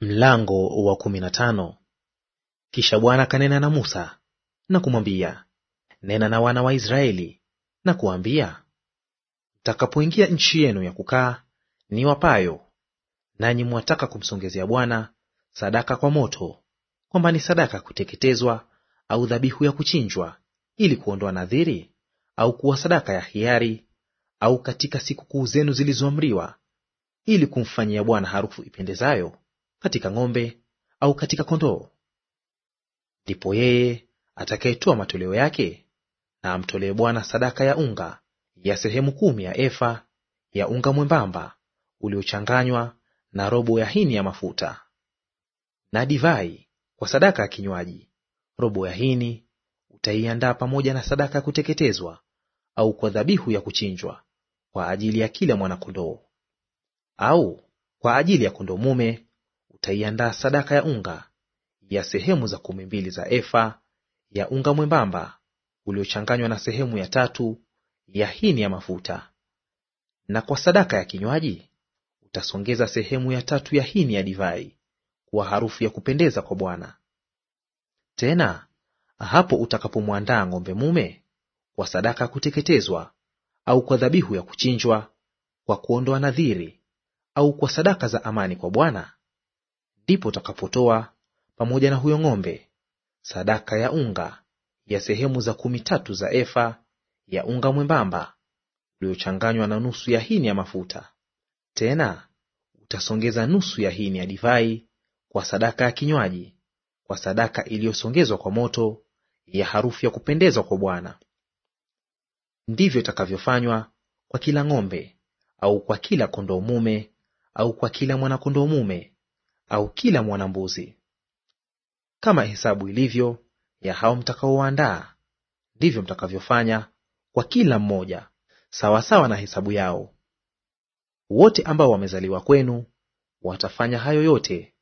Mlango wa kumi na tano. Kisha Bwana akanena na Musa na kumwambia, nena na wana wa Israeli na kuambia, mtakapoingia nchi yenu ya kukaa ni wapayo, nanyi mwataka kumsongezea Bwana sadaka kwa moto, kwamba ni sadaka ya kuteketezwa au dhabihu ya kuchinjwa, ili kuondoa nadhiri, au kuwa sadaka ya hiari, au katika sikukuu zenu zilizoamriwa, ili kumfanyia Bwana harufu ipendezayo katika ng'ombe au katika kondoo. Ndipo yeye atakayetoa matoleo yake na amtolee Bwana sadaka ya unga ya sehemu kumi ya efa ya unga mwembamba uliochanganywa na robo ya hini ya mafuta, na divai kwa sadaka ya kinywaji. Robo ya hini utaiandaa pamoja na sadaka ya kuteketezwa au kwa dhabihu ya kuchinjwa kwa ajili ya kila mwana-kondoo au kwa ajili ya kondoo mume utaiandaa sadaka ya unga ya sehemu za kumi mbili za efa ya unga mwembamba uliochanganywa na sehemu ya tatu ya hini ya mafuta. Na kwa sadaka ya kinywaji utasongeza sehemu ya tatu ya hini ya divai kuwa harufu ya kupendeza kwa Bwana. Tena hapo utakapomwandaa ng'ombe mume kwa sadaka ya kuteketezwa au kwa dhabihu ya kuchinjwa, kwa kuondoa nadhiri au kwa sadaka za amani kwa Bwana, ndipo utakapotoa pamoja na huyo ng'ombe sadaka ya unga ya sehemu za kumi tatu za efa ya unga mwembamba uliochanganywa na nusu ya hini ya mafuta. Tena utasongeza nusu ya hini ya divai kwa sadaka ya kinywaji, kwa sadaka iliyosongezwa kwa moto ya harufu ya kupendezwa kwa Bwana. Ndivyo itakavyofanywa kwa kila ng'ombe au kwa kila kondoo mume au kwa kila mwanakondoo mume au kila mwanambuzi. Kama hesabu ilivyo ya hao mtakaowaandaa, ndivyo mtakavyofanya kwa kila mmoja sawasawa na hesabu yao. Wote ambao wamezaliwa kwenu watafanya hayo yote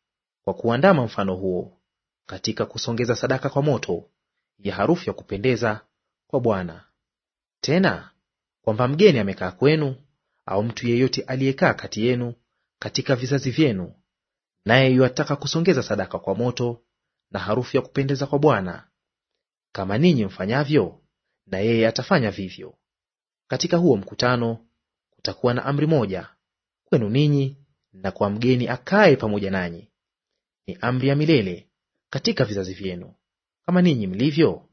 kwa kuandama mfano huo katika kusongeza sadaka kwa moto ya harufu ya kupendeza kwa Bwana. Tena kwamba mgeni amekaa kwenu au mtu yeyote aliyekaa kati yenu katika vizazi vyenu naye yuataka kusongeza sadaka kwa moto na harufu ya kupendeza kwa Bwana. Kama ninyi mfanyavyo, na yeye atafanya vivyo. Katika huo mkutano kutakuwa na amri moja kwenu ninyi na kwa mgeni akaye pamoja nanyi; ni amri ya milele katika vizazi vyenu. Kama ninyi mlivyo,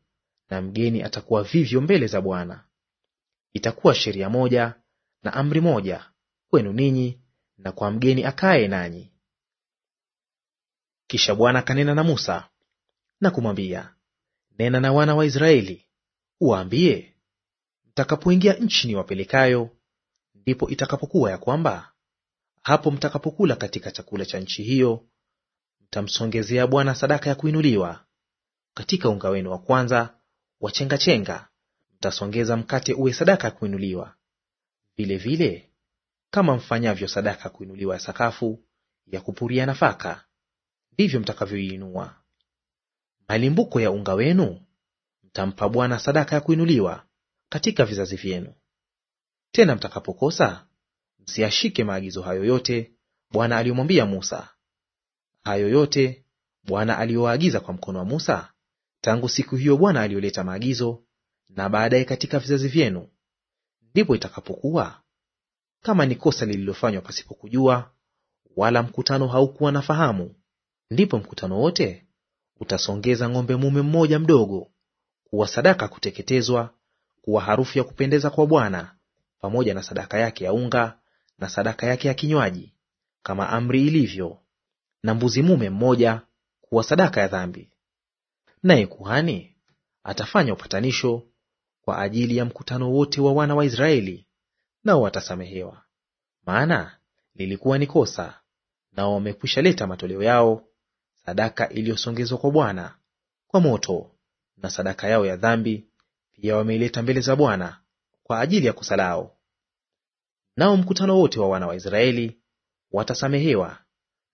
na mgeni atakuwa vivyo mbele za Bwana. Itakuwa sheria moja na amri moja kwenu ninyi na kwa mgeni akaye nanyi. Kisha Bwana akanena na Musa na kumwambia, nena na wana wa Israeli uwaambie, mtakapoingia nchi niwapelekayo, ndipo itakapokuwa ya kwamba hapo mtakapokula katika chakula cha nchi hiyo, mtamsongezea Bwana sadaka ya kuinuliwa; katika unga wenu wa kwanza wachengachenga mtasongeza mkate uwe sadaka ya kuinuliwa, vile vile kama mfanyavyo sadaka ya kuinuliwa ya sakafu ya kupuria nafaka ndivyo mtakavyoiinua. Malimbuko ya unga wenu mtampa Bwana sadaka ya kuinuliwa katika vizazi vyenu. Tena mtakapokosa, msiyashike maagizo hayo yote Bwana aliyomwambia Musa. Hayo yote Bwana aliyowaagiza kwa mkono wa Musa tangu siku hiyo Bwana aliyoleta maagizo na baadaye katika vizazi vyenu, ndipo itakapokuwa kama ni kosa lililofanywa pasipokujua, wala mkutano haukuwa na fahamu, Ndipo mkutano wote utasongeza ng'ombe mume mmoja mdogo kuwa sadaka kuteketezwa kuwa harufu ya kupendeza kwa Bwana, pamoja na sadaka yake ya unga na sadaka yake ya kinywaji, kama amri ilivyo; na mbuzi mume mmoja kuwa sadaka ya dhambi. Naye kuhani atafanya upatanisho kwa ajili ya mkutano wote wa wana wa Israeli, nao watasamehewa; maana lilikuwa ni kosa, nao wamekwisha leta matoleo yao sadaka iliyosongezwa kwa Bwana kwa moto, na sadaka yao ya dhambi pia wameileta mbele za Bwana kwa ajili ya kosa lao. Nao mkutano wote wa wana wa Israeli watasamehewa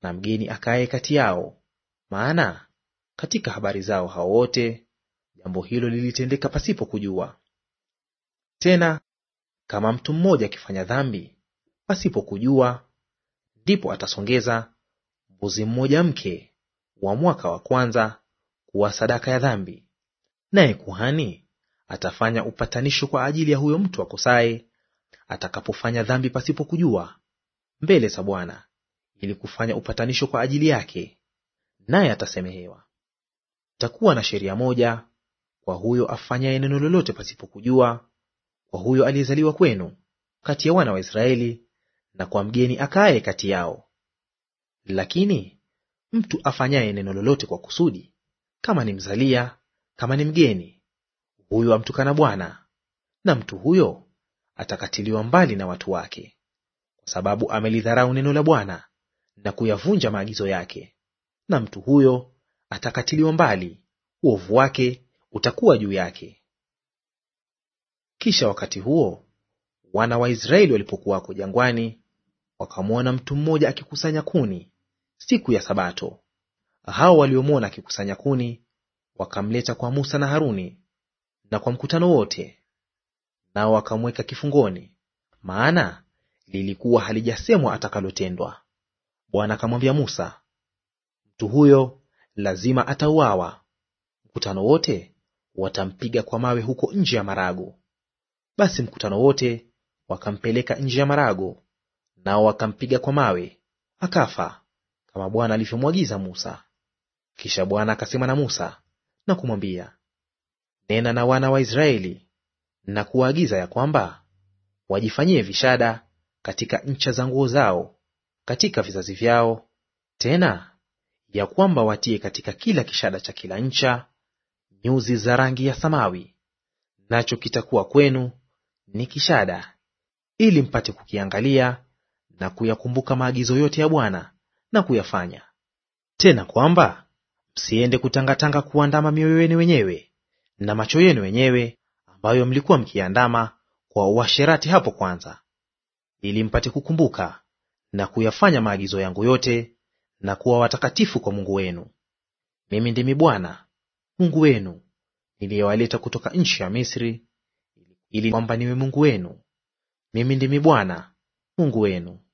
na mgeni akaye kati yao, maana katika habari zao hao wote jambo hilo lilitendeka pasipo kujua. Tena kama mtu mmoja akifanya dhambi pasipo kujua, ndipo atasongeza mbuzi mmoja mke wa mwaka wa kwanza kuwa sadaka ya dhambi. Naye kuhani atafanya upatanisho kwa ajili ya huyo mtu akosaye atakapofanya dhambi pasipokujua mbele za Bwana, ili kufanya upatanisho kwa ajili yake, naye atasemehewa. Takuwa na sheria moja kwa huyo afanyaye neno lolote pasipokujua, kwa huyo aliyezaliwa kwenu kati ya wana wa Israeli, na kwa mgeni akaye kati yao. Lakini Mtu afanyaye neno lolote kwa kusudi, kama ni mzalia, kama ni mgeni, huyo amtukana Bwana, na mtu huyo atakatiliwa mbali na watu wake, kwa sababu amelidharau neno la Bwana na kuyavunja maagizo yake. Na mtu huyo atakatiliwa mbali, uovu wake utakuwa juu yake. Kisha wakati huo wana wa Israeli walipokuwako jangwani, wakamwona mtu mmoja akikusanya kuni siku ya Sabato. Hao waliomwona akikusanya kuni wakamleta kwa Musa na Haruni na kwa mkutano wote, nao wakamweka kifungoni, maana lilikuwa halijasemwa atakalotendwa. Bwana akamwambia Musa, mtu huyo lazima atauawa, mkutano wote watampiga kwa mawe huko nje ya marago. Basi mkutano wote wakampeleka nje ya marago, nao wakampiga kwa mawe, akafa kama Bwana alivyomwagiza Musa. Kisha Bwana akasema na Musa na kumwambia, nena na wana wa Israeli na kuwaagiza ya kwamba wajifanyie vishada katika ncha za nguo zao katika vizazi vyao, tena ya kwamba watie katika kila kishada cha kila ncha nyuzi za rangi ya samawi, nacho kitakuwa kwenu ni kishada, ili mpate kukiangalia na kuyakumbuka maagizo yote ya Bwana na kuyafanya. Tena kwamba msiende kutangatanga kuandama mioyo yenu wenyewe na macho yenu wenyewe, ambayo mlikuwa mkiandama kwa uasherati hapo kwanza, ili mpate kukumbuka na kuyafanya maagizo yangu yote na kuwa watakatifu kwa Mungu wenu. Mimi ndimi Bwana Mungu wenu niliyewaleta kutoka nchi ya Misri, ili kwamba niwe Mungu wenu. Mimi ndimi Bwana Mungu wenu.